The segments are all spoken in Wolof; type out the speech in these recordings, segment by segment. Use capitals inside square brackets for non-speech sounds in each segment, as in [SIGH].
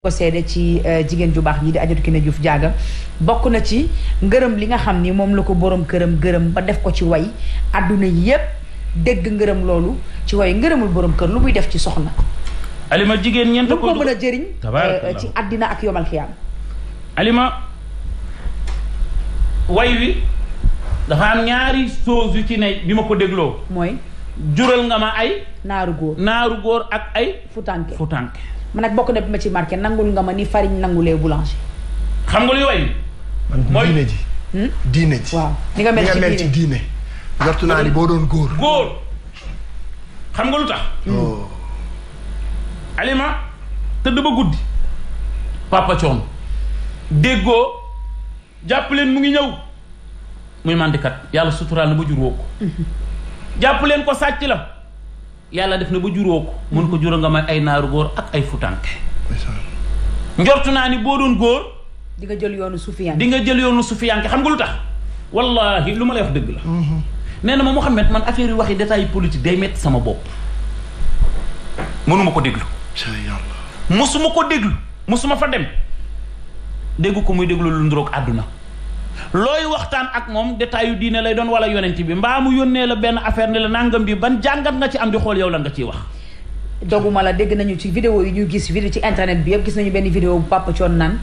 ko seede ci euh, jigéen ju baax ji di Adjatou Kiné Diouf Diaga bokk na ci ngërëm li nga xam ni moom la ko boroom këram gërëm ba def ko ci way àdduna yépp dégg ngërëm loolu ci way ngërëmul boroom kër lu muy def ci soxna alima jigéen ñeent ko jëriñ euh, ci àddina ak yomal xiyaam alima way wi dafa ñaari chose yu ci ne bi ma ko dégloo mooy jural nga ma ay naaru góor naaru góor ak ay futanke futanke man nag bokk na bi ma ci marqué nangul nga ma ni farine nangulee boulanger. xam nga luy way. mooy diine ji. Hmm? diine ji waaw nga mel ci diine ni ci diine. jortu naa ni boo doon góor. xam nga lu tax. Oh. alima tëdd ba guddi. papa coon déggoo jàpp leen mu ngi ñëw muy mandikat yàlla suturaal na ba jur woo [LAUGHS] jàpp leen ko sàcc la. yàlla def na ba juróo ko mun ko juró nga may ay naaru góor ak ay futante njortu naa ni boo doon góor di nga jël yoonu sufiyanke di nga jël yoonu sufiyanke xam nga lu tax wallaahi lu ma lay wax dëgg la nee na ma Mouhamed man affaire yu yi détail politique day métti sama bopp mënuma ko déglu mosuma ko déglu mosuma fa dem déggu ko muy déglu lu nduroog àdduna looy waxtaan ak moom détail yu diine lay doon wala yonent bi mbaa mu yónnee la benn affaire ne la nangam bi ban jàngat nga ci am di xool yow lan nga ciy wax. doguma la dégg nañu ci vidéo yi ñu gis vidéo ci internet bi yëpp gis nañu benn vidéo bu Papa Thione naan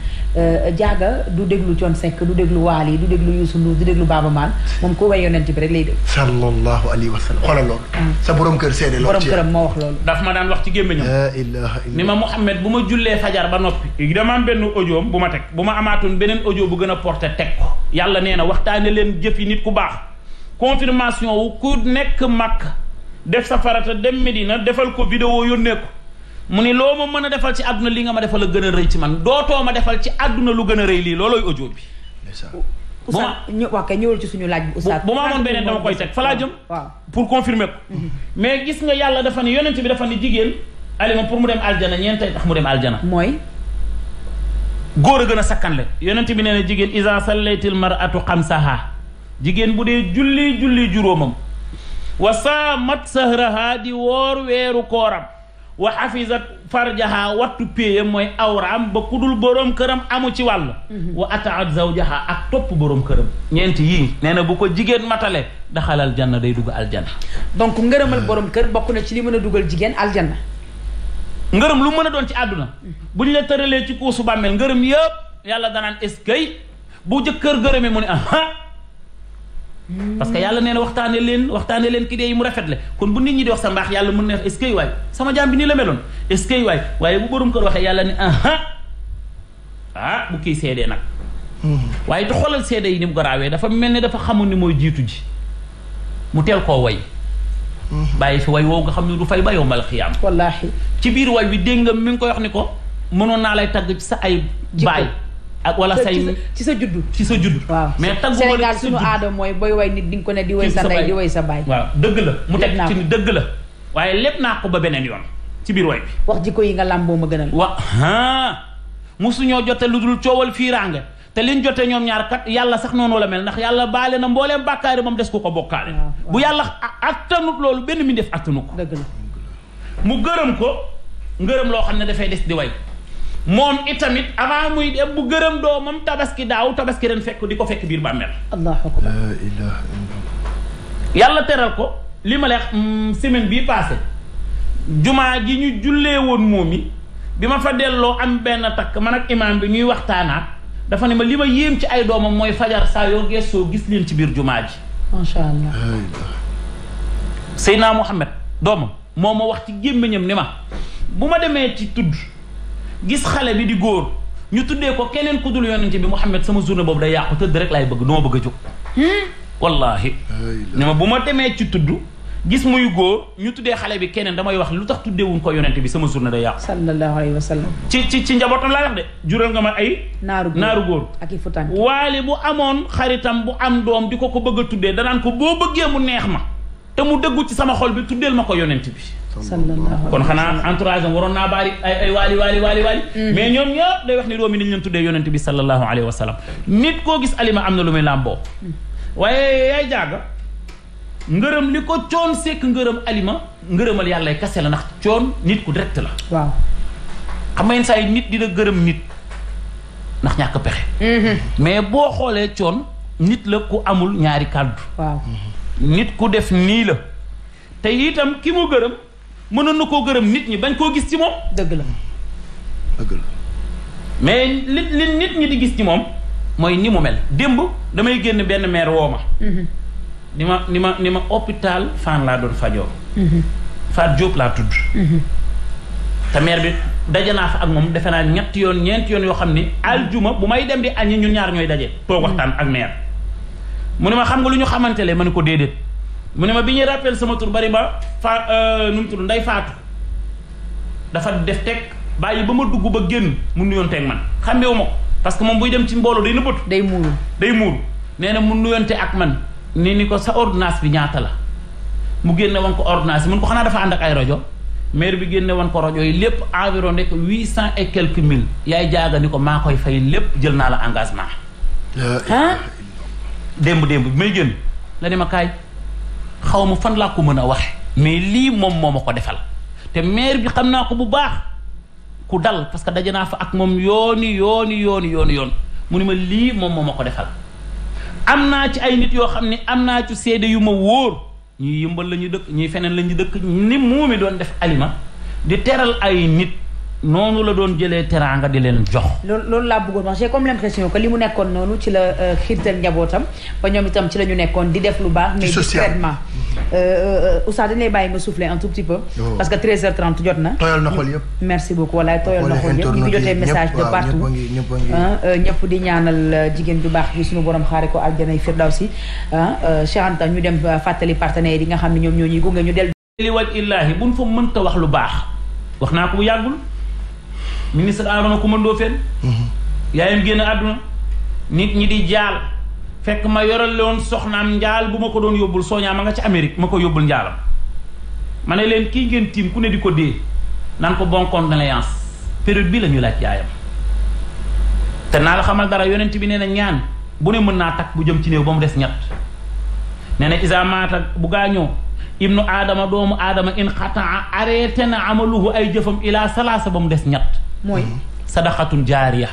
jaaga euh, du déglu Thione Seck du déglu Waly du déglu Youssou Ndour du déglu Baaba Maal moom ku way yonent bi rek lay dégg. sallallahu alayhi wa sallam xoolal loolu. Mm. sa borom kër seede loolu borom këram moo wax loolu. daf ma daan wax ci gémmiñam. ni ma Mouhamed bu ma jullee fajar ba noppi. dama am benn audio bu ma teg bu ma amaatoon beneen audio bu gën a porté teg yàlla nee na waxtaane leen jëf yi nit ku baax confirmation wu ku nekk màkk def sa farata dem Medina defal ko vidéo yónnee ko mu ni loo ma mën a defal ci àdduna li nga ma defal la gën a rëy ci man dootoo ma defal ci àdduna lu gën a rëy lii loolooy audio bi Oustaz ñu wax kay ñëwul ci suñu laaj bi Oustaz bu ma amoon beneen dama koy teg fa laa jëm waaw pour confirmer ko mhm. mais gis nga yàlla dafa ni yonent bi dafa ni jigéen alima pour mu dem aljana ñeenta tax mu dem aljana mooy góor a gën a sakkan la yonent bi nee na jigéen isa sallaytil maratu xamsaha jigéen bu dee julli julli juróomam wa saamat sahraha di woor weeru kooram wa xafisat farjaha wattu péeyam mooy am ba kudul boroom këram amu ci wàll mhm. wa ataat zawjaha ak topp boroom këram ñeenti yi nee na bu ko jigéen matale daxalal janna day dugg aljanna donc ngërëmal boroom kër bokk na ci li mën a dugal jigéen aljanna ngërëm lu mën a doon ci àdduna bu ñu la tëralee ci kuusu bàmmeel ngërëm yëpp yàlla danaan eskay bu jëkkër gërëmee mu ne aha parce que yàlla nee na waxtaane leen waxtaane leen ki dee yi mu rafetle kon bu nit ñi di wax sa mbaax yàlla mën na wax eskay waay sama jaam bi nii la meloon eskay waay waaye bu borom kër waxee yàlla ne aha ah bu kii seedee nag waaye te xoolal seede yi ni mu garaawee dafa mel ne dafa xamul ni mooy jiitu ji mu teel koo way bàyyi fi way woo nga xam ne du fay ba yow mal xiyaam wallaahi ci biir way wi dégg nga mi ngi koy wax ni ko mënoon naa lay tagg ci sa ay baay ak wala say ci sa juddu ci sa juddu waaw mais taggu Sénégal suñu aada mooy booy way nit di nga ko ne di way sa ndey di way sa baay waaw dëgg la mu teg ci ni dëgg la waaye lépp naa ko ba beneen yoon ci biir way bi wax jikko yi nga làmboo ma gënal wa musuñoo jote lu dul coowal fiiraange te liñ jote ñoom ñaar kat yàlla sax noonu la mel ndax yàlla baale na mbooleem bàkkaari moom des ku ko bokkaale bu yàlla attanut loolu benn mi def attanu ko dëgg mu gërëm ko ngërëm loo xam ne dafay des diway way moom itamit avant muy dem mu gërëm doomam tabaski daaw tabaski ren fekk di ko fekk biir bàmmeel allahu akbar la yàlla teral ko li ma leex mm, semaine bii passé jumaa ji ñu jullee woon moom yi bi ma fa delloo am benn takk man ak imaam bi ñuy waxtaanaat dafa ne ma li ma yéem ci ay doomam mooy fajar saa yoo geesoo gis leen ci biir jumaa ji macha allah Seydina Muhammad doomam moo ma wax ci gémmiñam ni ma bu ma demee ci tudd gis xale bi di góor ñu tuddee ko keneen ku dul yonent bi mu Mouhamed sama journée boobu day yàqu tëdd rek lay bëgg duma bëgg a jóg hmm? wallaahi ne ma bu ma demee ci tudd gis muy góor ñu tuddee xale bi keneen damay wax lu tax tuddeewuñ ko yonent bi sama journée day yàqu sallallahu alayhi wa sallam ci ci ci njabootam laa de jural nga ma ay naaru góor naaru góor ak i futank waale bu amoon xaritam bu am doom di ko ko bëgg a tuddee danaan ko boo bëggee mu neex ma te mu dëggu ci sama xol bi tuddeel ma ko yonent bi kon xanaa entourage am waroon naa baari ay waali waali waali waali mm-hmm. mais ñoom ñëpp day wax ni doomi niñ leen tuddee yonent bi sallallahu alayhi wa nit koo gis alima am na lu muy làmboo mm-hmm. waaye yaay jaaga ngërëm li ngërëm alima ngërëmal yàlla kase la ndax coon nit ku direct la waaw xam nga yenn nit dina gërëm nit ndax ñàkk pexe mm-hmm. mais boo xoolee coon nit la ku amul ñaari kàddu nit ku def nii la te itam ki mu gërëm mënoon na koo gërëm nit ñi bañ koo gis ci moom. dëgg la dëgg la. mais li nit ñi di gis ci moom mooy ni mu mel démb damay génn benn meer woo ma. Mhm. ni ma ni ma ni ma hôpital Fann laa doon fajoo. Mhm. Faat Diop laa tudd. Mhm. te maire bi daje naa fa ak moom defe naa ñetti yoon ñeenti yoon yoo xam ni aljuma bu may dem di añi ñu ñaar ñooy daje. toog waxtaan ak meer mu ne ma xam nga lu ñu xamante le ma ne ko déedéet mu ne ma bi ñuy rappel sama tur bari ma fa euh, nu mu tudd nday faatu dafa def teg bàyyi ba ma dugg ba génn mu nuyoon teg man xàmmeewu ma ko parce que moom buy dem ci mbooloo day nëbbatu day muuru day muuru nee na mu nuyonte ak man ni ni ko sa ordonnance bi ñaata la mu génne woon ko ordinance bi mun ko xanaa dafa ànd ak ay rajo maire bi génne woon ko rajo yi lépp environ nekk huit cent et quelques mille yaay jaaga ni ko maa koy lépp jël naa engagement euh, démb démb bi may génn la ne xaw ma fan laa ko mën a waxe mais lii moom moo ma ko defal te maire bi xam naa ko bu baax ku dal parce que daje naa fa ak moom yooni yooni yooni yooni yoon mu ne ma lii moom moom ma ko defal am naa ci ay nit yoo xam ne am naa ci seede yu ma wóor ñuy yëmbal lañuy dëkk ñuy feneen la ñuy dëkk ni muumi doon def alima di teral ay nit noonu la doon jëlee teraanga di leen jox. loolu loolu laa bëggoon wax j'ai comme l'impression que li mu nekkoon noonu ci la euh, xiirtal njabootam ba ñoom itam ci la ñu nekkoon di def lu baax. mais discrètement. Mhm. Euh, euh, Oustaz dañu lay bàyyi nga souffler un tout petit peu. Oh. parce que 13 jot na. tooyal na xol yëpp merci beaucoup walaay tooyal na xol yëpp ñu ngi jotee message de partout ñëpp di ñaanal jigéen ju baax bi suñu borom xaare ko aljanay firdawsi Cheikh Anta ñu dem fàttali partenaires yi nga xam ne ñoom ñoo ñuy gunge ñu dellu. li waj illaahi buñ fa mënta wax lu baax wax naa ko bu yàggul ministre Arona Coumba Ndoffène yaayam génn àdduna nit ñi di jaal fekk ma yoral woon soxnaam njaal bu ma ko doon yóbbul sooñaa ma nga ca Amérique ma ko yóbbul njaalam ma ne leen kii ngeen tiim ku ne di ko dee naan ko bon condoléance période bi la ñu laaj yaayam te naa la xamal dara yonent bi nee na ñaan bu ne mën naa takk bu jëm ci néew ba mu des ñett nee na isa maata bu gaañoo ibnu aadama doomu aadama in xataa arrêté na amaluhu ay jëfam ilaa salaasa ba mu des ñett mooy mhm. sadaxatun jaariya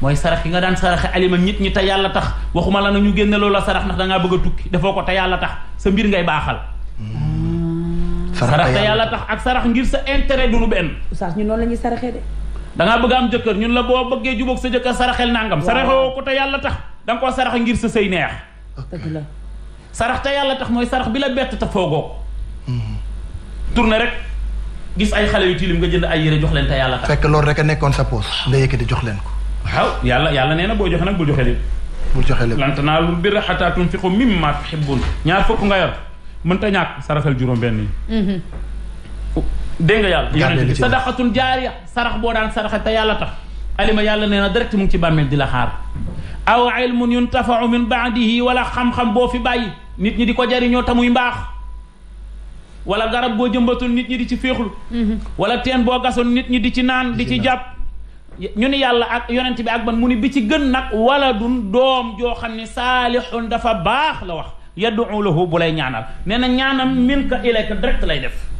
mooy sarax yi nga daan saraxe alima nit ñi te yàlla tax waxuma la na ñu génne loola sarax ndax dangaa bëgg a tukki defoo ko te yàlla tax sa mbir ngay baaxal mhm. sarax te yàlla tax ak sarax ngir sa intérêt du nu benn oustaz ñun noonu la ñuy saraxee bëgg am jëkkër ñun la boo bëggee jubóog sa jëkkër saraxel nangam saraxewoo ko te yàlla tax da koo sarax ngir sa sëy neex dëgg la sarax te yàlla tax mooy sarax bi la bett te foogoo mhm. tourné rek gis ay xale yu tilim nga jënd ay yére jox leen te yàlla tax. fekk loolu rek a nekkoon sa poos nga yëkkati jox leen ko. waaw yàlla yàlla na boo joxe nag bul joxe lépp. bul joxe lépp lan tanaalul birra hattaa tunfiqu mimmaa tuhibbuun ñaar fukk nga yor mënta ñàkk saraxal juróom-benn yi. Mhm. dégg yàlla. yonent boo daan saraxal te yàlla tax. alima yàlla nee na direct mu ci bàmmeel di la xaar. aw ilmun yuntafau min baadihi wala xam-xam boo fi bàyyi nit ñi di ko jariñoo tamuy mbaax wala garab goo jëmbatul nit ñi di ci féexlu mhm. wala teen boo gasoon nit ñi di ci naan di ci jàpp ñu ni yàlla ak yonent bi ak ban mu ni bi ci gën nag wala dun doom joo xam ne saalixun dafa baax la wax yaddu lahu bu lay ñaanal nee na ñaanam min ka ilayka direct lay def